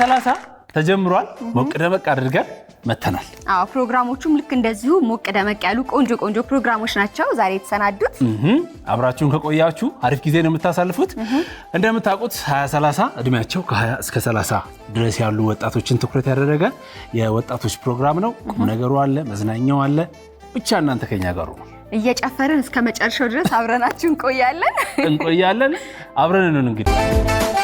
ሰዓት ተጀምሯል። ሞቅ ደመቅ አድርገን መተናል። አዎ ፕሮግራሞቹም ልክ እንደዚሁ ሞቅ ደመቅ ያሉ ቆንጆ ቆንጆ ፕሮግራሞች ናቸው ዛሬ የተሰናዱት። አብራችሁን ከቆያችሁ አሪፍ ጊዜ ነው የምታሳልፉት። እንደምታውቁት 20 እድሜያቸው ከ20 እስከ 30 ድረስ ያሉ ወጣቶችን ትኩረት ያደረገ የወጣቶች ፕሮግራም ነው። ቁም ነገሩ አለ፣ መዝናኛው አለ። ብቻ እናንተ ከኛ ጋር እየጨፈርን እስከ መጨረሻው ድረስ አብረናችሁ እንቆያለን እንቆያለን አብረን እንግዲህ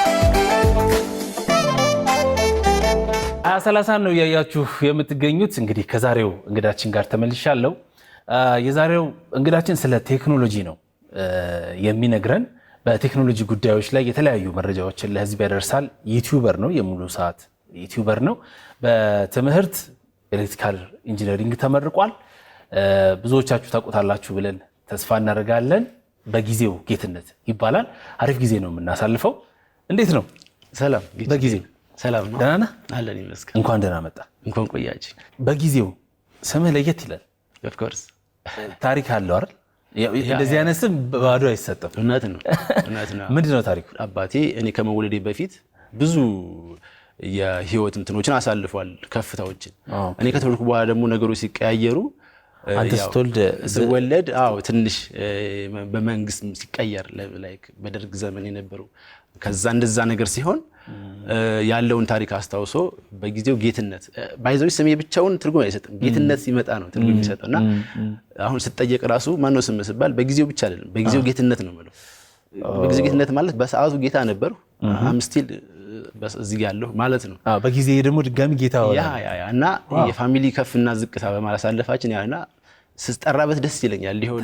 ሀያ ሰላሳ ነው እያያችሁ የምትገኙት። እንግዲህ ከዛሬው እንግዳችን ጋር ተመልሻለሁ። የዛሬው እንግዳችን ስለ ቴክኖሎጂ ነው የሚነግረን። በቴክኖሎጂ ጉዳዮች ላይ የተለያዩ መረጃዎችን ለህዝብ ያደርሳል። ዩቲዩበር ነው፣ የሙሉ ሰዓት ዩቲዩበር ነው። በትምህርት ኤሌክትሪካል ኢንጂነሪንግ ተመርቋል። ብዙዎቻችሁ ታውቁታላችሁ ብለን ተስፋ እናደርጋለን። በጊዜው ጌትነት ይባላል። አሪፍ ጊዜ ነው የምናሳልፈው። እንዴት ነው? ሰላም በጊዜው ሰላም ነው። ደህና ነህ? አለን ይመስገን። እንኳን ደህና መጣ። እንኳን ቆያችን። በጊዜው ስምህ ለየት ይላል። ኦፍኮርስ ታሪክ አለው አይደል? እንደዚህ አይነት ስም ባዶ አይሰጠም። እውነት ነው፣ እውነት ነው። ምንድን ነው ታሪኩ? አባቴ እኔ ከመወለዴ በፊት ብዙ የህይወት እንትኖችን አሳልፏል፣ ከፍታዎችን። እኔ ከተወለድኩ በኋላ ደግሞ ነገሮች ሲቀያየሩ አንተ ስትወልድ ስወለድ፣ አዎ ትንሽ በመንግስት ሲቀየር ላይክ በደርግ ዘመን የነበሩ ከዛ እንደዛ ነገር ሲሆን ያለውን ታሪክ አስታውሶ በጊዜው ጌትነት ባይዘዊ ስሜ ብቻውን ትርጉም አይሰጥም። ጌትነት ሲመጣ ነው ትርጉም የሚሰጠው እና አሁን ስጠየቅ ራሱ ማነው ስም ስባል በጊዜው ብቻ አይደለም በጊዜው ጌትነት ነው የምለው። በጊዜው ጌትነት ማለት በሰዓቱ ጌታ ነበርኩ አምስቲል እዚህ ያለሁ ማለት ነው። በጊዜ ደግሞ ድጋሚ ጌታ እና የፋሚሊ ከፍና ዝቅታ በማሳለፋችን ያና ስጠራበት ደስ ይለኛል። ሊሆን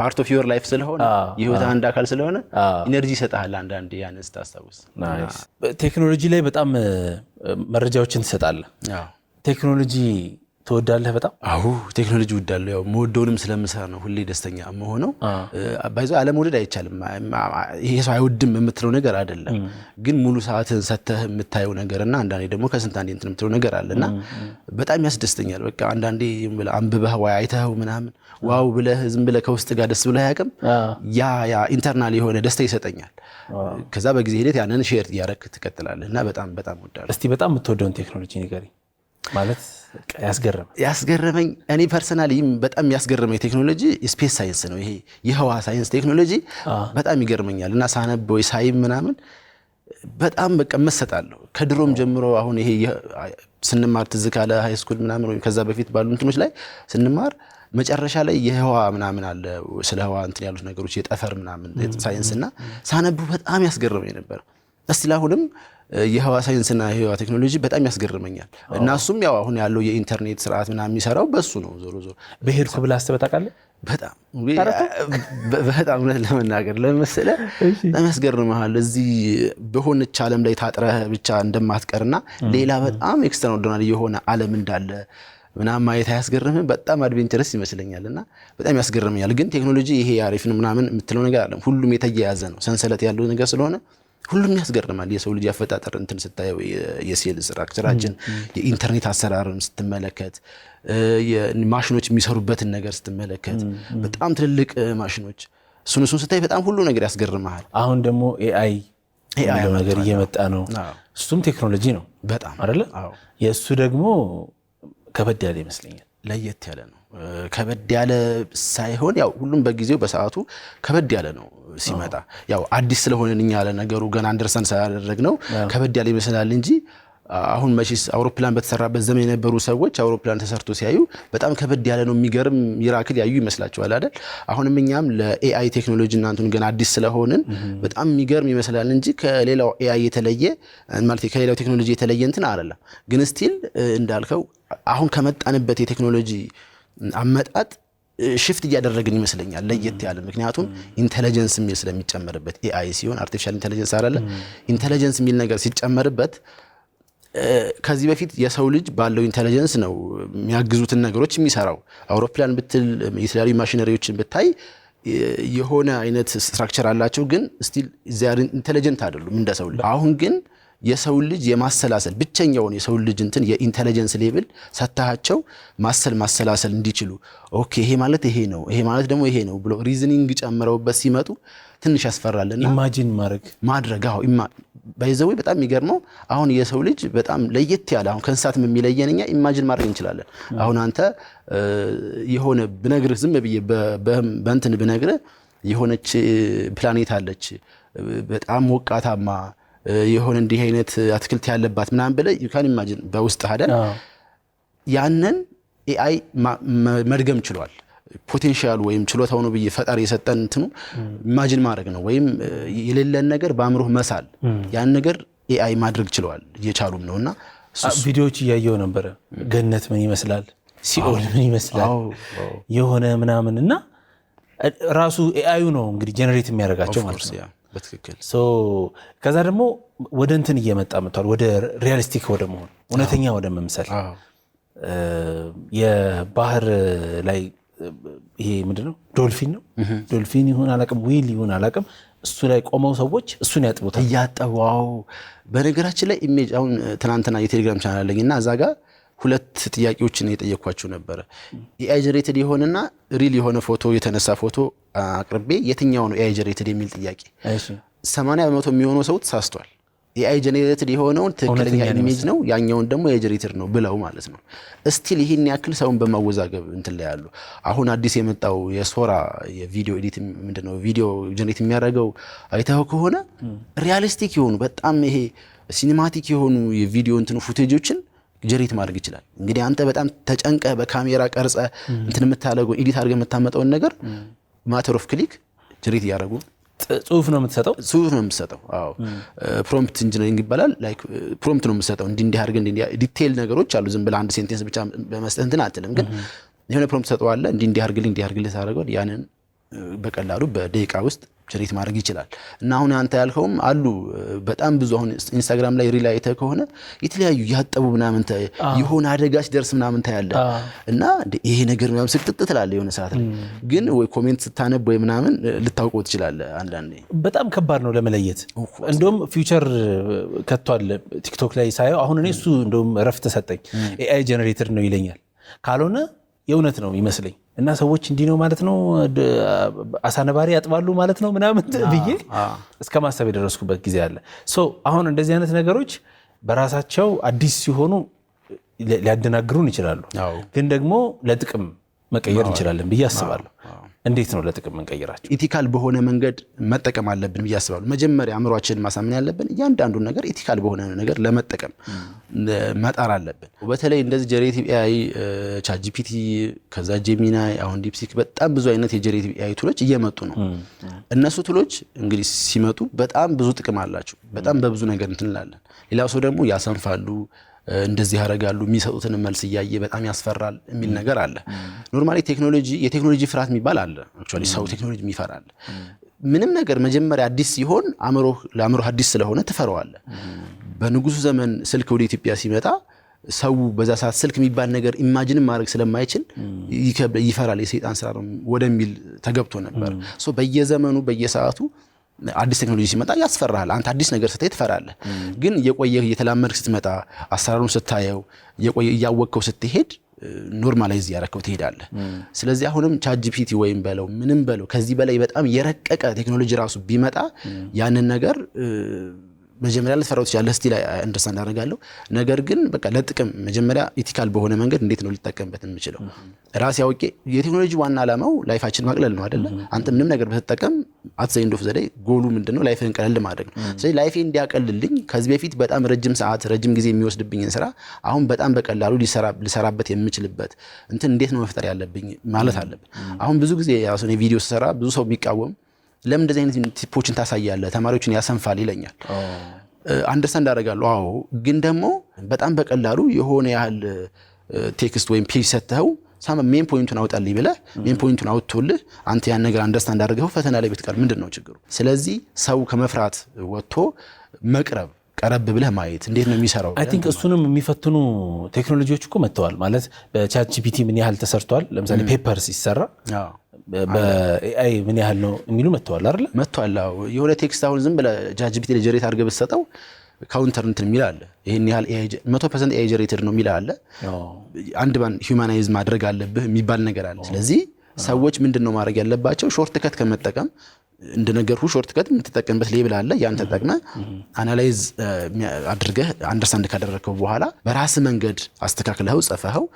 ፓርት ኦፍ ዮር ላይፍ ስለሆነ የህይወት አንድ አካል ስለሆነ ኢነርጂ ይሰጣል። አንዳንድ ያን ስታስታውስ ቴክኖሎጂ ላይ በጣም መረጃዎችን ትሰጣለ። ቴክኖሎጂ ትወዳለህ በጣም? አሁ ቴክኖሎጂ እወዳለሁ። ያው መወደውንም ስለምሰራ ነው ሁሌ ደስተኛ መሆነው። ባይዞ አለመውደድ አይቻልም። ይሄ ሰው አይወድም የምትለው ነገር አይደለም፣ ግን ሙሉ ሰዓትን ሰተህ የምታየው ነገር እና አንዳንዴ ደግሞ ከስንት አንዴ እንትን የምትለው ነገር አለ እና በጣም ያስደስተኛል። በቃ አንዳንዴ አንብበህ ወይ አይተኸው ምናምን ዋው ብለህ ዝም ብለህ ከውስጥ ጋር ደስ ብለህ አያውቅም። ያ ያ ኢንተርናል የሆነ ደስታ ይሰጠኛል። ከዛ በጊዜ ሂደት ያንን ሼር እያደረግህ ትቀጥላለህ እና በጣም በጣም እወዳለሁ። እስቲ በጣም የምትወደውን ቴክኖሎጂ ንገረኝ። ማለት ያስገረመ ያስገረመኝ እኔ ፐርሰናል በጣም ያስገረመኝ ቴክኖሎጂ ስፔስ ሳይንስ ነው። ይሄ የህዋ ሳይንስ ቴክኖሎጂ በጣም ይገርመኛል እና ወይ ሳይም ምናምን በጣም በቃ መሰጣለሁ። ከድሮም ጀምሮ አሁን ይሄ ስንማር ትዝ ካለ ሃይስኩል ምናምን ወይም ከዛ በፊት ባሉ እንትኖች ላይ ስንማር መጨረሻ ላይ የህዋ ምናምን አለ ስለ ህዋ እንትን ያሉት ነገሮች የጠፈር ምናምን ሳይንስ እና ሳነቡ በጣም ያስገረመኝ ነበር። እስቲ አሁንም የህዋ ሳይንስና የህዋ ቴክኖሎጂ በጣም ያስገርመኛል እና እሱም ያው አሁን ያለው የኢንተርኔት ስርዓት ምናምን የሚሰራው በሱ ነው። ዞሮ ዞሮ ብሄድኩ ብላ አስበህ ታውቃለህ? በጣም እውነት ለመናገር ለመሰለህ በጣም ያስገርመሃል። እዚህ በሆነች ዓለም ላይ ታጥረህ ብቻ እንደማትቀርና ሌላ በጣም ኤክስትራኦርዲናሪ የሆነ ዓለም እንዳለ ምናምን ማየት አያስገርምህም? በጣም አድቬንቸረስ ይመስለኛል እና በጣም ያስገርመኛል። ግን ቴክኖሎጂ ይሄ አሪፍ ምናምን የምትለው ነገር አለም ሁሉም የተያያዘ ነው፣ ሰንሰለት ያለው ነገር ስለሆነ ሁሉም ያስገርማል። የሰው ልጅ አፈጣጠር እንትን ስታየው የሴል ስትራክቸራችን፣ የኢንተርኔት አሰራርን ስትመለከት፣ ማሽኖች የሚሰሩበትን ነገር ስትመለከት በጣም ትልልቅ ማሽኖች እሱን እሱን ስታይ በጣም ሁሉ ነገር ያስገርመሃል። አሁን ደግሞ ኤአይ የሚለው ነገር እየመጣ ነው። እሱም ቴክኖሎጂ ነው በጣም አይደለ? የእሱ ደግሞ ከበድ ያለ ይመስለኛል፣ ለየት ያለ ነው። ከበድ ያለ ሳይሆን ያው ሁሉም በጊዜው በሰዓቱ ከበድ ያለ ነው ሲመጣ፣ ያው አዲስ ስለሆነን እኛ ነገሩ ገና አንደርሰን ስላደረግ ነው ከበድ ያለ ይመስላል እንጂ አሁን መቼስ አውሮፕላን በተሰራበት ዘመን የነበሩ ሰዎች አውሮፕላን ተሰርቶ ሲያዩ በጣም ከበድ ያለ ነው የሚገርም ሚራክል ያዩ ይመስላቸዋል አይደል? አሁንም እኛም ለኤአይ ቴክኖሎጂ እናንቱን ገና አዲስ ስለሆንን በጣም የሚገርም ይመስላል እንጂ ከሌላው ኤአይ የተለየ ማለት ከሌላው ቴክኖሎጂ የተለየ እንትን አለ። ግን ስቲል እንዳልከው አሁን ከመጣንበት የቴክኖሎጂ አመጣጥ ሽፍት እያደረግን ይመስለኛል ለየት ያለ ምክንያቱም ኢንቴሊጀንስ የሚል ስለሚጨመርበት ኤአይ ሲሆን አርቲፊሻል ኢንቴሊጀንስ አለ ኢንቴሊጀንስ የሚል ነገር ሲጨመርበት ከዚህ በፊት የሰው ልጅ ባለው ኢንቴሊጀንስ ነው የሚያግዙትን ነገሮች የሚሰራው አውሮፕላን ብትል የተለያዩ ማሽነሪዎችን ብታይ የሆነ አይነት ስትራክቸር አላቸው ግን ስቲል ኢንቴሊጀንት አይደሉም እንደ ሰው ልጅ አሁን ግን የሰው ልጅ የማሰላሰል ብቸኛውን የሰው ልጅ እንትን የኢንተለጀንስ ሌብል ሰታቸው ማሰል ማሰላሰል እንዲችሉ ኦኬ፣ ይሄ ማለት ይሄ ነው፣ ይሄ ማለት ደግሞ ይሄ ነው ብሎ ሪዝኒንግ ጨምረውበት ሲመጡ ትንሽ ያስፈራልና ኢማጂን ማድረግ ማድረግ አዎ ባይዘዌ በጣም የሚገርመው አሁን የሰው ልጅ በጣም ለየት ያለ አሁን ከእንስሳት የሚለየን እኛ ኢማጅን ማድረግ እንችላለን። አሁን አንተ የሆነ ብነግርህ ዝም ብዬ በእንትን ብነግርህ የሆነች ፕላኔት አለች በጣም ሞቃታማ የሆነ እንዲህ አይነት አትክልት ያለባት ምናምን ብለህ ዩካን ኢማጂን በውስጥ ሀደን ያንን ኤአይ መድገም ችሏል። ፖቴንሻሉ ወይም ችሎታው ነው ብዬ ፈጣሪ የሰጠን እንትኑ ኢማጂን ማድረግ ነው ወይም የሌለን ነገር በአእምሮህ መሳል ያን ነገር ኤአይ ማድረግ ችለዋል እየቻሉም ነው። እና ቪዲዮዎች እያየው ነበረ። ገነት ምን ይመስላል፣ ሲኦል ምን ይመስላል የሆነ ምናምን እና ራሱ ኤአዩ ነው እንግዲህ ጀነሬት የሚያደርጋቸው ማለት ነው። በትክክል ከዛ ደግሞ ወደ እንትን እየመጣ መጥቷል፣ ወደ ሪያሊስቲክ ወደ መሆን እውነተኛ ወደ መምሰል የባህር ላይ ይሄ ምንድን ነው? ዶልፊን ነው ዶልፊን ይሁን አላቅም፣ ዊል ይሁን አላቅም፣ እሱ ላይ ቆመው ሰዎች እሱን ያጥቡታል እያጠዋው። በነገራችን ላይ ኢሜጅ አሁን ትናንትና የቴሌግራም ቻናል አለኝ እና እዛ ጋር ሁለት ጥያቄዎችን የጠየኳቸው ነበረ። የአይጀሬትድ የሆነና ሪል የሆነ ፎቶ የተነሳ ፎቶ አቅርቤ የትኛው ነው የአይጀሬትድ የሚል ጥያቄ፣ ሰማንያ በመቶ የሚሆነው ሰው ተሳስቷል። የአይጀኔሬትድ የሆነውን ትክክለኛ ኢሜጅ ነው፣ ያኛውን ደግሞ ኤአይ ነው ብለው ማለት ነው። እስቲል ይህን ያክል ሰውን በማወዛገብ እንትን ላይ ያሉ አሁን አዲስ የመጣው የሶራ የቪዲዮ ኤዲት ምንድነው ቪዲዮ ጀኔሬት የሚያደርገው አይተኸው ከሆነ ሪያሊስቲክ የሆኑ በጣም ይሄ ሲኒማቲክ የሆኑ የቪዲዮ እንትኑ ፉቴጆችን ጀሬት ማድረግ ይችላል። እንግዲህ አንተ በጣም ተጨንቀ በካሜራ ቀርጸ እንትን የምታደርገው ኢዲት አድርገ የምታመጠውን ነገር ማተር ኦፍ ክሊክ ጀሬት እያደረጉ ጽሁፍ ነው የምትሰጠው። ጽሁፍ ነው የምትሰጠው። አዎ ፕሮምፕት ኢንጂነሪንግ ይባላል። ላይክ ፕሮምፕት ነው የምትሰጠው። እንዲህ እንዲህ አድርገ እንዲህ ዲቴል ነገሮች አሉ። ዝም ብለህ አንድ ሴንቴንስ ብቻ በመስጠት እንትን አትልም። ግን የሆነ ፕሮምፕት ሰጠዋለህ። እንዲህ እንዲህ አድርግልኝ፣ እንዲህ አድርግልህ ታደርገዋል። ያንን በቀላሉ በደቂቃ ውስጥ ትሪት ማድረግ ይችላል እና አሁን አንተ ያልከውም አሉ በጣም ብዙ አሁን ኢንስታግራም ላይ ሪል አይተህ ከሆነ የተለያዩ ያጠቡ ምናምን የሆነ አደጋ ሲደርስ ምናምን ታያለ እና ይሄ ነገር ምናምን ስቅጥጥ ትላለህ የሆነ ሰዓት ላይ ግን ወይ ኮሜንት ስታነብ ወይ ምናምን ልታውቀው ትችላለህ። አንዳንዴ በጣም ከባድ ነው ለመለየት። እንደውም ፊውቸር ከቷል ቲክቶክ ላይ ሳየው አሁን እኔ እሱ እንደውም እረፍት ተሰጠኝ። ኤአይ ጀነሬተር ነው ይለኛል ካልሆነ የእውነት ነው ይመስለኝ እና ሰዎች እንዲህ ነው ማለት ነው፣ ነባሪ ያጥባሉ ማለት ነው ምናምን ብዬ እስከ ማሰብ የደረስኩበት ጊዜ አለ። አሁን እንደዚህ አይነት ነገሮች በራሳቸው አዲስ ሲሆኑ ሊያደናግሩን ይችላሉ፣ ግን ደግሞ ለጥቅም መቀየር እንችላለን ብዬ አስባለሁ። እንዴት ነው ለጥቅም እንቀይራቸው? ኢቲካል በሆነ መንገድ መጠቀም አለብን ብዬ አስባለሁ። መጀመሪያ አእምሯችንን ማሳመን ያለብን እያንዳንዱን ነገር ኢቲካል በሆነ ነገር ለመጠቀም መጣር አለብን። በተለይ እንደዚህ ጀሬቲቭ ኤአይ ቻጂፒቲ፣ ከዛ ጄሚናይ፣ አሁን ዲፕሲክ በጣም ብዙ አይነት የጀሬቲቭ ኤአይ ቱሎች እየመጡ ነው። እነሱ ቱሎች እንግዲህ ሲመጡ በጣም ብዙ ጥቅም አላቸው። በጣም በብዙ ነገር እንትንላለን። ሌላው ሰው ደግሞ ያሰንፋሉ እንደዚህ ያደርጋሉ የሚሰጡትን መልስ እያየ በጣም ያስፈራል የሚል ነገር አለ። ኖርማሊ ቴክኖሎጂ የቴክኖሎጂ ፍርሃት የሚባል አለ። አክቹዋሊ ሰው ቴክኖሎጂ የሚፈራል ምንም ነገር መጀመሪያ አዲስ ሲሆን ለአእምሮህ አዲስ ስለሆነ ትፈረዋለ። በንጉሱ ዘመን ስልክ ወደ ኢትዮጵያ ሲመጣ ሰው በዛ ሰዓት ስልክ የሚባል ነገር ኢማጅን ማድረግ ስለማይችል ይፈራል። የሰይጣን ስራ ነው ወደሚል ተገብቶ ነበር። በየዘመኑ በየሰዓቱ አዲስ ቴክኖሎጂ ሲመጣ ያስፈራል አንተ አዲስ ነገር ስታይ ትፈራለህ። ግን የቆየ እየተላመድክ ስትመጣ አሰራሩን ስታየው የቆየ እያወቅከው ስትሄድ ኖርማላይዝ እያረከው ትሄዳለህ። ስለዚህ አሁንም ቻትጂፒቲ ወይም በለው ምንም በለው ከዚህ በላይ በጣም የረቀቀ ቴክኖሎጂ ራሱ ቢመጣ ያንን ነገር መጀመሪያ ልትፈራው ትችላለህ። ስቲል አንደርስታንድ አደርጋለሁ። ነገር ግን በቃ ለጥቅም መጀመሪያ ኢቲካል በሆነ መንገድ እንዴት ነው ልጠቀምበት የምችለው ራሴ አውቄ። የቴክኖሎጂ ዋና ዓላማው ላይፋችን ማቅለል ነው አይደለ? አንተ ምንም ነገር በተጠቀም አትዘ ኢንዶፍ ዘዳይ ጎሉ ምንድነው? ላይፍህን ቀለል ማድረግ ነው። ስለዚህ ላይፌ እንዲያቀልልኝ ከዚህ በፊት በጣም ረጅም ሰዓት ረጅም ጊዜ የሚወስድብኝን ስራ አሁን በጣም በቀላሉ ልሰራበት የምችልበት እንትን እንዴት ነው መፍጠር ያለብኝ ማለት አለብን። አሁን ብዙ ጊዜ ራሱን ቪዲዮ ስሰራ ብዙ ሰው የሚቃወም ለምን እንደዚህ አይነት ቲፖችን ታሳያለ ተማሪዎችን ያሰንፋል ይለኛል። አንደርስታንድ አደርጋለሁ። አዎ፣ ግን ደግሞ በጣም በቀላሉ የሆነ ያህል ቴክስት ወይም ፔጅ ሰጥተኸው ሳ ሜን ፖይንቱን አውጣልኝ ብለህ ሜን ፖይንቱን አውጥቶልህ አንተ ያን ነገር አንደርስታንድ አድርገኸው ፈተና ላይ ብትቀር ምንድን ነው ችግሩ? ስለዚህ ሰው ከመፍራት ወጥቶ መቅረብ ቀረብ ብለህ ማየት እንዴት ነው የሚሰራው። አይ ቲንክ እሱንም የሚፈትኑ ቴክኖሎጂዎች እኮ መጥተዋል። ማለት በቻት ጂፒቲ ምን ያህል ተሰርቷል። ለምሳሌ ፔፐር ሲሰራ በኤአይ ምን ያህል ነው የሚሉ መጥተዋል አለ መጥተዋል። የሆነ ቴክስት አሁን ዝም ብለህ ቻትጂፒቲ ላይ ጀሬት አድርገህ ብትሰጠው ካውንተር እንትን የሚል አለ። ይህን ያህል መቶ ፐርሰንት ኤአይ ጀሬትድ ነው የሚል አለ። አንድ ባን ሂውማናይዝ ማድረግ አለብህ የሚባል ነገር አለ። ስለዚህ ሰዎች ምንድን ነው ማድረግ ያለባቸው? ሾርት ከት ከመጠቀም እንደነገርኩህ ሾርት ከት የምትጠቀምበት ሌብል አለ። ያን ተጠቅመ አናላይዝ አድርገህ አንደርስታንድ ካደረግከው በኋላ በራስ መንገድ አስተካክለኸው ጽፈኸው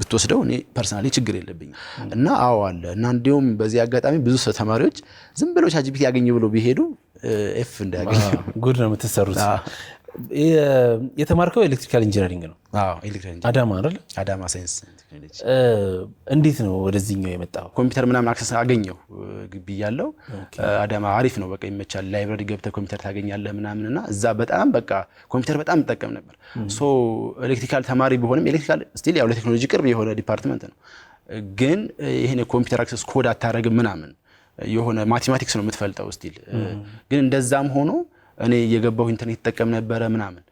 ብትወስደው እኔ ፐርሰናሊ ችግር የለብኝ እና አዎ አለ እና እንዲሁም በዚህ አጋጣሚ ብዙ ሰው ተማሪዎች ዝም ብለው ቻት ጂፒቲ ብሎ ቢሄዱ ኤፍ እንዳያገኝ ጉድ ነው የምትሰሩት። የተማርከው ኤሌክትሪካል ኢንጂነሪንግ ነው አዳማ አይደል? አዳማ ሳይንስ እንዴት ነው ወደዚህኛው የመጣው? ኮምፒውተር ምናምን አክሰስ አገኘው ግቢ ያለው አዳማ አሪፍ ነው በቃ ይመቻል። ላይብረሪ ገብተህ ኮምፒውተር ታገኛለህ ምናምን እና እዛ በጣም በቃ ኮምፒውተር በጣም እጠቀም ነበር። ሶ ኤሌክትሪካል ተማሪ ቢሆንም ኤሌክትሪካል ስቲል ያው ለቴክኖሎጂ ቅርብ የሆነ ዲፓርትመንት ነው፣ ግን ይህን የኮምፒውተር አክሰስ ኮድ አታደርግም ምናምን የሆነ ማቴማቲክስ ነው የምትፈልጠው ስቲል ግን እንደዛም ሆኖ እኔ የገባው ኢንተርኔት ይጠቀም ነበረ ምናምን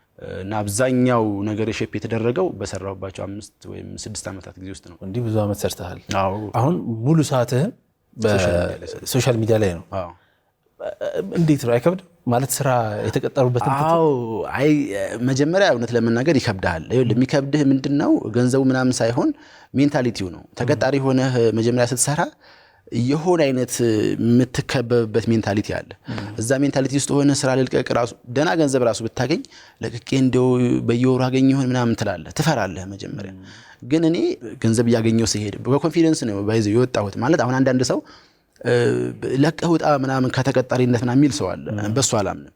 እና አብዛኛው ነገር ሼፕ የተደረገው በሰራሁባቸው አምስት ወይም ስድስት ዓመታት ጊዜ ውስጥ ነው። እንዲህ ብዙ ዓመት ሰርተሃል። አሁን ሙሉ ሰዓትህም በሶሻል ሚዲያ ላይ ነው። እንዴት ነው አይከብድም? ማለት ስራ የተቀጠሩበት አዎ፣ አይ መጀመሪያ እውነት ለመናገር ይከብድሃል። የሚከብድህ ምንድን ነው ገንዘቡ ምናምን ሳይሆን ሜንታሊቲው ነው። ተቀጣሪ ሆነህ መጀመሪያ ስትሰራ የሆነ አይነት የምትከበብበት ሜንታሊቲ አለ። እዛ ሜንታሊቲ ውስጥ ሆነ ስራ ልልቀቅ ራሱ ደህና ገንዘብ ራሱ ብታገኝ ለቅቄ እንደው በየወሩ አገኝ ይሆን ምናምን ትላለህ፣ ትፈራለህ መጀመሪያ። ግን እኔ ገንዘብ እያገኘው ሲሄድ በኮንፊደንስ ነው ይዘው የወጣሁት ማለት አሁን አንዳንድ ሰው ለቀህ ውጣ ምናምን ከተቀጣሪነት ና የሚል ሰው አለ። በሱ አላምንም።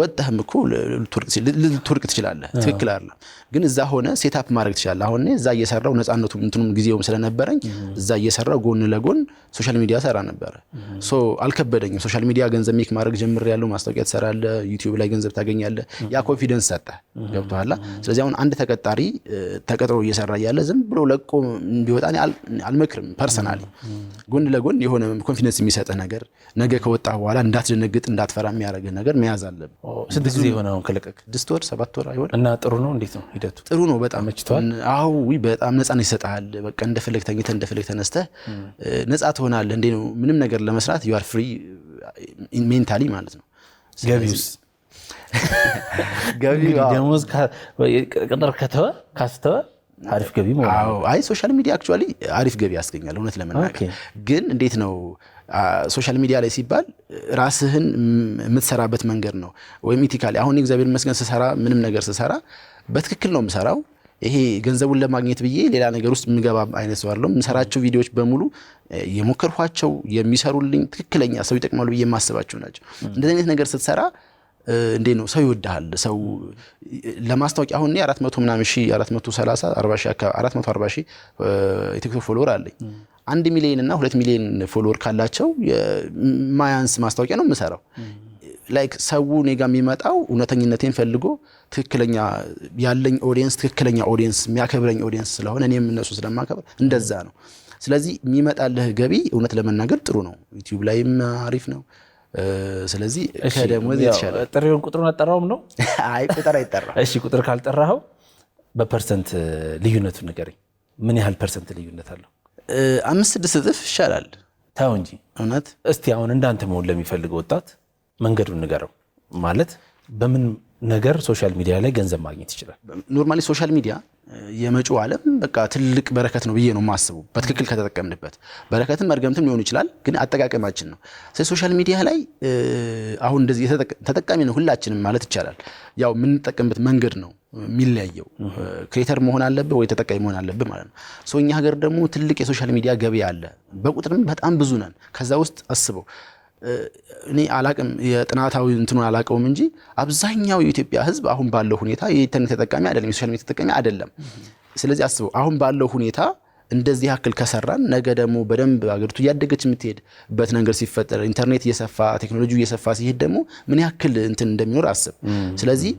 ወጣህም እኮ ልትወድቅ ትችላለህ። ትክክል አለ። ግን እዛ ሆነ ሴታፕ ማድረግ ትችላለህ። አሁን እዛ እየሰራው ነፃነቱ እንትኑም ጊዜውም ስለነበረኝ እዛ እየሰራው ጎን ለጎን ሶሻል ሚዲያ ሰራ ነበረ። አልከበደኝም። ሶሻል ሚዲያ ገንዘብ ሜክ ማድረግ ያለው ማስታወቂያ ትሰራለህ፣ ዩቲዩብ ላይ ገንዘብ ታገኛለህ። ያ ኮንፊደንስ ሰጠህ። ገብቶሃል። ስለዚህ አሁን አንድ ተቀጣሪ ተቀጥሮ እየሰራ እያለ ዝም ብሎ ለቆ ቢወጣ አልመክርም። ፐርሰናሊ ጎን ለጎን የሆነ ኮንፊደንስ የሚሰጥህ ነገር ነገ ከወጣ በኋላ እንዳትደነግጥ እንዳትፈራ የሚያደርግህ ነገር መያዝ አለብህ። ስንት ጊዜ የሆነ አሁን ከለቀቅ? ስድስት ወር ሰባት ወር አይሆን እና ጥሩ ነው። እንዴት ነው ሂደቱ? ጥሩ ነው። በጣም መችተዋል። አዎ በጣም ነፃነት ይሰጥሃል። በቃ እንደፈለግ ተኝተ እንደፈለግ ተነስተ ነፃ ትሆናለህ። እንዴ ነው ምንም ነገር ለመስራት ዩአር ፍሪ ሜንታሊ ማለት ነው። ገቢውስ ገቢ ደሞዝ ቅጥር ከተወ ካስተወ አሪፍ ገቢ አይ ሶሻል ሚዲያ አክቹዋሊ አሪፍ ገቢ ያስገኛል። እውነት ለመናገር ግን እንዴት ነው ሶሻል ሚዲያ ላይ ሲባል ራስህን የምትሰራበት መንገድ ነው ወይም ኢቲካሊ። አሁን እግዚአብሔር ይመስገን ስሰራ፣ ምንም ነገር ስሰራ በትክክል ነው የምሰራው። ይሄ ገንዘቡን ለማግኘት ብዬ ሌላ ነገር ውስጥ የምገባ አይነት ሰው አለው የምሰራቸው ቪዲዮዎች በሙሉ የሞከርኋቸው የሚሰሩልኝ ትክክለኛ ሰው ይጠቅማሉ ብዬ የማስባቸው ናቸው። እንደዚህ አይነት ነገር ስትሰራ እንዴ ነው ሰው ይወድሃል። ሰው ለማስታወቂያ አሁን እኔ 400 ምናምን ሺህ 430 40 ሺህ አካባቢ 440 ሺ የቲክቶክ ፎሎወር አለኝ። አንድ ሚሊዮን እና ሁለት ሚሊዮን ፎሎወር ካላቸው ማያንስ ማስታወቂያ ነው የምሰራው። ላይክ ሰው እኔ ጋር የሚመጣው እውነተኝነቴን ፈልጎ ትክክለኛ ያለኝ ኦዲየንስ ትክክለኛ ኦዲየንስ የሚያከብረኝ ኦዲየንስ ስለሆነ እኔም እነሱ ስለማከብር እንደዛ ነው። ስለዚህ የሚመጣልህ ገቢ እውነት ለመናገር ጥሩ ነው። ዩቲዩብ ላይም አሪፍ ነው። ስለዚህ ከደሞዝ የተሻለ ጥሪውን ቁጥሩን አጠራውም ነው። አይ ቁጥር አይጠራ። እሺ ቁጥር ካልጠራኸው በፐርሰንት ልዩነቱ ንገረኝ። ምን ያህል ፐርሰንት ልዩነት አለው? አምስት ስድስት እጥፍ ይሻላል። ተው እንጂ እውነት። እስቲ አሁን እንዳንተ መሆን ለሚፈልገው ወጣት መንገዱን ንገረው። ማለት በምን ነገር ሶሻል ሚዲያ ላይ ገንዘብ ማግኘት ይችላል። ኖርማሊ ሶሻል ሚዲያ የመጪው ዓለም በቃ ትልቅ በረከት ነው ብዬ ነው ማስቡ፣ በትክክል ከተጠቀምንበት። በረከትም መርገምትም ሊሆን ይችላል፣ ግን አጠቃቀማችን ነው። ስለዚህ ሶሻል ሚዲያ ላይ አሁን እንደዚህ ተጠቃሚ ነው ሁላችንም ማለት ይቻላል። ያው የምንጠቀምበት መንገድ ነው የሚለያየው። ክሬተር መሆን አለብህ ወይ ተጠቃሚ መሆን አለብህ ማለት ነው። እኛ ሀገር ደግሞ ትልቅ የሶሻል ሚዲያ ገበያ አለ። በቁጥርም በጣም ብዙ ነን። ከዛ ውስጥ አስበው እኔ አላቅም የጥናታዊ እንትኑን አላቀውም እንጂ አብዛኛው የኢትዮጵያ ሕዝብ አሁን ባለው ሁኔታ የኢንተርኔት ተጠቃሚ አይደለም፣ የሶሻል ሚዲያ ተጠቃሚ አይደለም። ስለዚህ አስበው አሁን ባለው ሁኔታ እንደዚህ ያክል ከሰራን ነገ ደግሞ በደንብ አገሪቱ እያደገች የምትሄድበት ነገር ሲፈጠር ኢንተርኔት እየሰፋ ቴክኖሎጂ እየሰፋ ሲሄድ ደግሞ ምን ያክል እንትን እንደሚኖር አስብ። ስለዚህ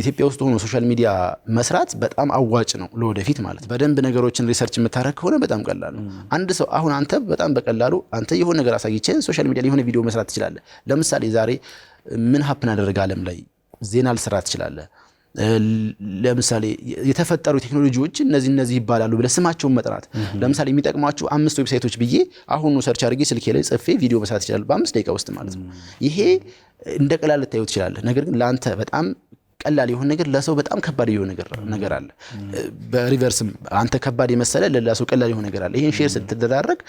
ኢትዮጵያ ውስጥ ሆኖ ሶሻል ሚዲያ መስራት በጣም አዋጭ ነው ለወደፊት ማለት በደንብ ነገሮችን ሪሰርች የምታደረግ ከሆነ በጣም ቀላል ነው። አንድ ሰው አሁን አንተ በጣም በቀላሉ አንተ የሆነ ነገር አሳይቼ ሶሻል ሚዲያ የሆነ ቪዲዮ መስራት ትችላለ ለምሳሌ ዛሬ ምን ሀፕን አደረገ አለም ላይ ዜና ልስራ ትችላለ ለምሳሌ የተፈጠሩ ቴክኖሎጂዎች እነዚህ እነዚህ ይባላሉ ብለ ስማቸውን መጥራት። ለምሳሌ የሚጠቅሟቸው አምስት ዌብሳይቶች ብዬ አሁኑ ሰርች አድርጌ ስልኬ ላይ ጽፌ ቪዲዮ መስራት ይችላል፣ በአምስት ደቂቃ ውስጥ ማለት ነው። ይሄ እንደ ቀላል ልታየው ትችላለህ። ነገር ግን ለአንተ በጣም ቀላል የሆነ ነገር ለሰው በጣም ከባድ የሆነ ነገር አለ። በሪቨርስም አንተ ከባድ የመሰለ ለሌላ ሰው ቀላል የሆነ ነገር አለ። ይህን ሼር ስትደራረግ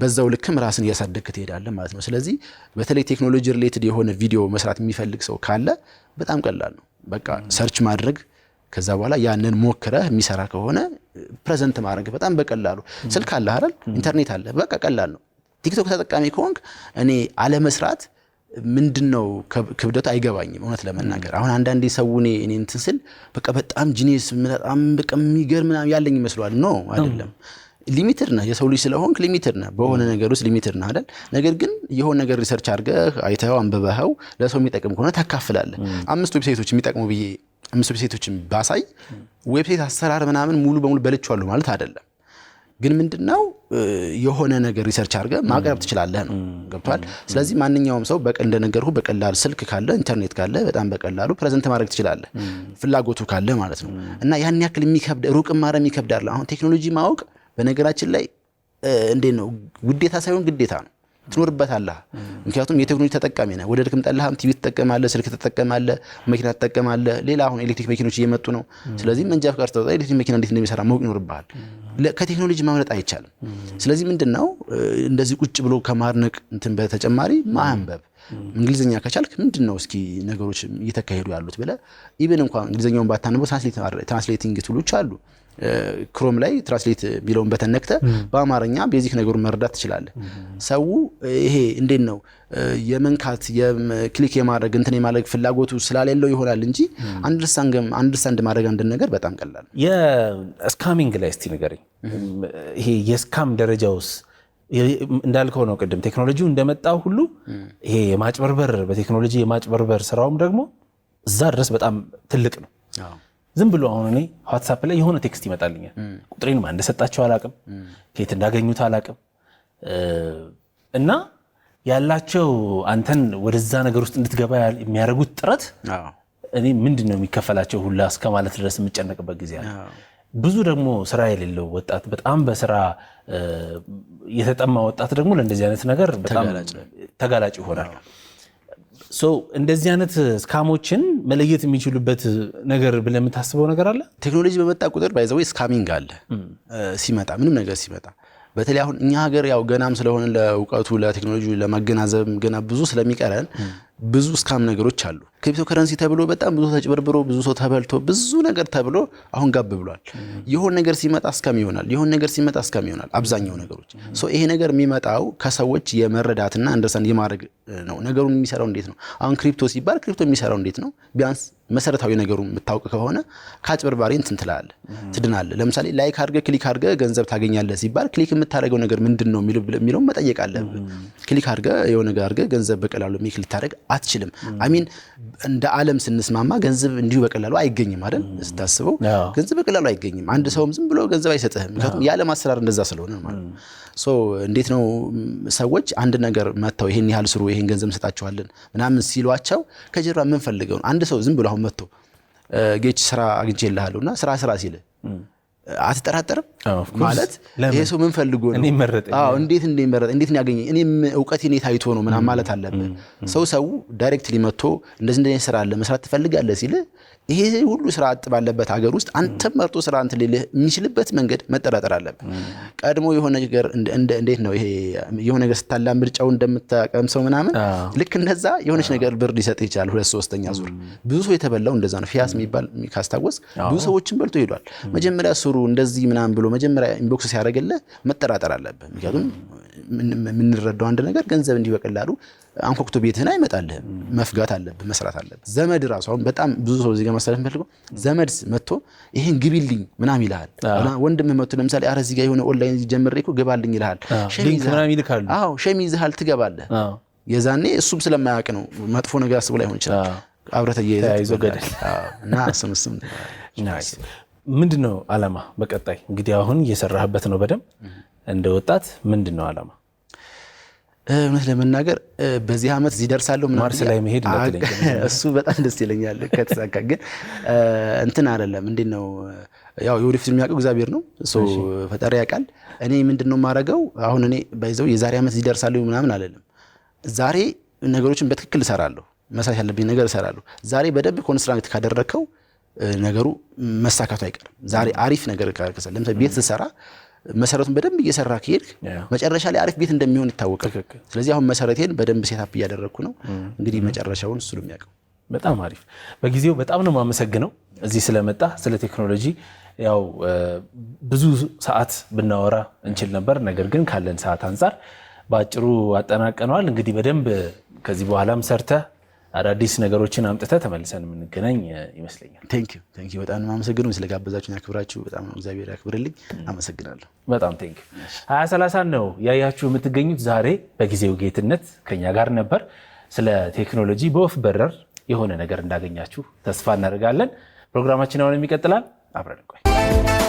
በዛው ልክም ራስን እያሳደግክ ትሄዳለህ ማለት ነው። ስለዚህ በተለይ ቴክኖሎጂ ሪሌትድ የሆነ ቪዲዮ መስራት የሚፈልግ ሰው ካለ በጣም ቀላል ነው። በቃ ሰርች ማድረግ ከዛ በኋላ ያንን ሞክረህ የሚሰራ ከሆነ ፕሬዘንት ማድረግ በጣም በቀላሉ ስልክ አለ አይደል፣ ኢንተርኔት አለ፣ በቃ ቀላል ነው። ቲክቶክ ተጠቃሚ ከሆንክ እኔ አለመስራት ምንድን ነው ክብደቱ አይገባኝም፣ እውነት ለመናገር አሁን አንዳንዴ ሰው እኔ እኔ እንትን ስል በቃ በጣም ጂኔስ በጣም በቃ የሚገርም ምናምን ያለኝ ይመስለዋል። ኖ አይደለም፣ ሊሚትድ ነህ። የሰው ልጅ ስለሆንክ ሊሚትድ ነህ፣ በሆነ ነገር ውስጥ ሊሚትድ ነህ አይደል? ነገር ግን የሆነ ነገር ሪሰርች አድርገህ አይተኸው አንብበኸው ለሰው የሚጠቅም ከሆነ ታካፍላለህ። አምስት ዌብሳይቶች የሚጠቅሙ ብዬ አምስት ዌብሳይቶችን ባሳይ ዌብሳይት አሰራር ምናምን ሙሉ በሙሉ በልቼዋለሁ ማለት አይደለም። ግን ምንድነው የሆነ ነገር ሪሰርች አድርገ ማቅረብ ትችላለህ ነው። ገብቷል። ስለዚህ ማንኛውም ሰው እንደነገርኩ በቀላል ስልክ ካለ ኢንተርኔት ካለ በጣም በቀላሉ ፕሬዘንት ማድረግ ትችላለህ፣ ፍላጎቱ ካለ ማለት ነው። እና ያን ያክል የሚከብድ ሩቅ ማረ የሚከብድ አለ። አሁን ቴክኖሎጂ ማወቅ በነገራችን ላይ እንዴት ነው፣ ውዴታ ሳይሆን ግዴታ ነው። ትኖርበታለህ። ምክንያቱም የቴክኖሎጂ ተጠቃሚ ነህ። ወደ ድክም ጠላህም ቲቪ ትጠቀማለህ፣ ስልክ ትጠቀማለህ፣ መኪና ትጠቀማለህ። ሌላ አሁን ኤሌክትሪክ መኪኖች እየመጡ ነው። ስለዚህ መንጃ ፍቃድ ስትወጣ ኤሌክትሪክ መኪና እንዴት እንደሚሰራ ማወቅ ይኖርብሃል። ከቴክኖሎጂ ማምለጥ አይቻልም። ስለዚህ ምንድን ነው እንደዚህ ቁጭ ብሎ ከማድነቅ እንትን በተጨማሪ ማንበብ እንግሊዝኛ ከቻልክ ምንድን ነው እስኪ ነገሮች እየተካሄዱ ያሉት ብለህ ኢቨን እንኳን እንግሊዝኛውን ባታንበው ትራንስሌቲንግ ቱሎች አሉ ክሮም ላይ ትራንስሌት ቢለውን በተነክተ በአማርኛ ቤዚክ ነገሩ መረዳት ትችላለ። ሰው ይሄ እንዴት ነው የመንካት ክሊክ የማድረግ እንትን የማድረግ ፍላጎቱ ስላሌለው ይሆናል እንጂ አንደርስታንድ ማድረግ አንድን ነገር በጣም ቀላል። የስካሚንግ ላይ እስቲ ንገረኝ፣ ይሄ የስካም ደረጃውስ እንዳልከው ነው ቅድም ቴክኖሎጂው እንደመጣው ሁሉ ይሄ የማጭበርበር በቴክኖሎጂ የማጭበርበር ስራውም ደግሞ እዛ ድረስ በጣም ትልቅ ነው። ዝም ብሎ አሁን እኔ ዋትሳፕ ላይ የሆነ ቴክስት ይመጣልኛል። ቁጥሬን ማን እንደሰጣቸው አላቅም፣ ከየት እንዳገኙት አላቅም። እና ያላቸው አንተን ወደዛ ነገር ውስጥ እንድትገባ የሚያደርጉት ጥረት እኔ ምንድን ነው የሚከፈላቸው ሁላ እስከ ማለት ድረስ የምጨነቅበት ጊዜ አለ። ብዙ ደግሞ ስራ የሌለው ወጣት፣ በጣም በስራ የተጠማ ወጣት ደግሞ ለእንደዚህ አይነት ነገር በጣም ተጋላጭ ይሆናል። እንደዚህ አይነት ስካሞችን መለየት የሚችሉበት ነገር ብለህ የምታስበው ነገር አለ? ቴክኖሎጂ በመጣ ቁጥር ባይዘው ስካሚንግ አለ ሲመጣ፣ ምንም ነገር ሲመጣ በተለይ አሁን እኛ ሀገር ያው ገናም ስለሆነ ለእውቀቱ ለቴክኖሎጂ ለመገናዘብ ገና ብዙ ስለሚቀረን ብዙ እስካም ነገሮች አሉ። ክሪፕቶ ከረንሲ ተብሎ በጣም ብዙ ተጭበርብሮ ብዙ ሰው ተበልቶ ብዙ ነገር ተብሎ አሁን ጋብ ብሏል። የሆን ነገር ሲመጣ እስካም ይሆናል፣ የሆን ነገር ሲመጣ እስካም ይሆናል። አብዛኛው ነገሮች ይሄ ነገር የሚመጣው ከሰዎች የመረዳትና አንደርስታንድ የማድረግ ነው። ነገሩን የሚሰራው እንዴት ነው? አሁን ክሪፕቶ ሲባል ክሪፕቶ የሚሰራው እንዴት ነው? ቢያንስ መሰረታዊ ነገሩ የምታውቅ ከሆነ ከአጭበርባሪ እንትን ትላለህ፣ ትድናለህ። ለምሳሌ ላይክ አድርገ ክሊክ አድርገ ገንዘብ ታገኛለህ ሲባል ክሊክ የምታደረገው ነገር ምንድን ነው የሚለውን መጠየቅ አለብህ። ክሊክ አድርገ የሆነ ነገር አድርገ ገንዘብ በቀላሉ ሚክ ልታደረግ አትችልም። አሚን እንደ ዓለም ስንስማማ ገንዘብ እንዲሁ በቀላሉ አይገኝም አይደል? ስታስበው ገንዘብ በቀላሉ አይገኝም። አንድ ሰውም ዝም ብሎ ገንዘብ አይሰጥህም። ምክንያቱም የዓለም አሰራር እንደዛ ስለሆነ ማለት ነው። ሶ እንዴት ነው ሰዎች አንድ ነገር መጥተው ይሄን ያህል ስሩ፣ ይሄን ገንዘብ እንሰጣቸዋለን ምናምን ሲሏቸው ከጀርባ የምንፈልገው አንድ ሰው ዝም ብሎ አሁን መጥቶ ጌች ስራ አግኝቼ አግኝቼልሃለሁ እና ስራ ስራ ሲል አትጠራጠርም ማለት ይሄ ሰው ምን ፈልጎ ነው? እንዴት እንደመረጠ እንዴት ያገኘኝ እኔም እውቀት እኔ ታይቶ ነው ምናምን ማለት አለብህ። ሰው ሰው ዳይሬክትሊ መጥቶ እንደዚህ እንደዚህ ስራ አለ መስራት ትፈልጋለህ ሲል ይሄ ሁሉ ስራ አጥ ባለበት ሀገር ውስጥ አንተ መርጦ ስራ እንትን ሊልህ የሚችልበት መንገድ መጠራጠር አለብህ። ቀድሞ የሆነ ነገር እንዴት ነው ይሄ የሆነ ነገር ስታላ ምርጫው ሰው ምናምን ልክ እንደዛ የሆነች ነገር ብር ሊሰጥ ይችላል። ሁለት ሶስተኛ ዙር ብዙ ሰው የተበላው እንደዛ ነው። ፊያስ የሚባል ካስታወስ ብዙ ሰዎችን በልቶ ሄዷል። መጀመሪያ ስሩ እንደዚህ ምናምን ብሎ መጀመሪያ ኢንቦክስ ሲያደርግልህ መጠራጠር አለብህ። ምክንያቱም የምንረዳው አንድ ነገር ገንዘብ እንዲህ በቀላሉ አንኳኩቶ ቤትህን አይመጣልህም። መፍጋት አለብህ፣ መስራት አለብህ። ዘመድ ራሱ አሁን በጣም ብዙ ሰው እዚህ ጋር ማስተላለፍ የምፈልገው ዘመድ መጥቶ ይህን ግቢልኝ ምናምን ይልሃል። ወንድም መጥቶ ለምሳሌ አረ እዚህ ጋር የሆነ ኦንላይን ጀምሬ እኮ ግባልኝ ይልሃል። ሸሚ ይዘሃል፣ ትገባለህ። የዛኔ እሱም ስለማያውቅ ነው መጥፎ ነገር አስቦ ላይሆን ይችላል። አብረህ ተያይዞ ገደል እና ስምስም ምንድን ነው አላማ? በቀጣይ እንግዲህ አሁን እየሰራህበት ነው በደንብ እንደ ወጣት ምንድን ነው አላማ? እውነት ለመናገር በዚህ ዓመት እዚህ ደርሳለሁ ማርስ ላይ መሄድ እሱ በጣም ደስ ይለኛል ከተሳካ። ግን እንትን አይደለም እንዴት ነው ያው የወደፊት የሚያውቀው እግዚአብሔር ነው፣ ፈጣሪ ያውቃል። እኔ ምንድን ነው የማደርገው አሁን እኔ ባይዘው የዛሬ ዓመት እዚህ ደርሳለሁ ምናምን አይደለም። ዛሬ ነገሮችን በትክክል እሰራለሁ፣ መሳት ያለብኝ ነገር እሰራለሁ። ዛሬ በደንብ ኮንስትራክት ካደረግከው ነገሩ መሳካቱ አይቀርም። ዛሬ አሪፍ ነገር ለምሳሌ ቤት ስሰራ መሰረቱን በደንብ እየሰራ ከሄድክ መጨረሻ ላይ አሪፍ ቤት እንደሚሆን ይታወቃል። ስለዚህ አሁን መሰረቴን በደንብ ሴታፕ እያደረግኩ ነው። እንግዲህ መጨረሻውን እሱ ነው የሚያውቀው። በጣም አሪፍ። በጊዜው በጣም ነው የማመሰግነው እዚህ ስለመጣ ስለ ቴክኖሎጂ ያው ብዙ ሰዓት ብናወራ እንችል ነበር። ነገር ግን ካለን ሰዓት አንጻር በአጭሩ አጠናቀነዋል። እንግዲህ በደንብ ከዚህ በኋላም ሰርተ አዳዲስ ነገሮችን አምጥተህ ተመልሰን የምንገናኝ ይመስለኛል። ቴንክዩ በጣም አመሰግኑ ስለጋበዛችሁ ያክብራችሁ። በጣም እግዚአብሔር ያክብርልኝ። አመሰግናለሁ በጣም ቴንክዩ። ሀያ ሰላሳን ነው ያያችሁ የምትገኙት። ዛሬ በጊዜው ጌትነት ከኛ ጋር ነበር። ስለ ቴክኖሎጂ በወፍ በረር የሆነ ነገር እንዳገኛችሁ ተስፋ እናደርጋለን። ፕሮግራማችን አሁንም ይቀጥላል። አብረን እንቆይ።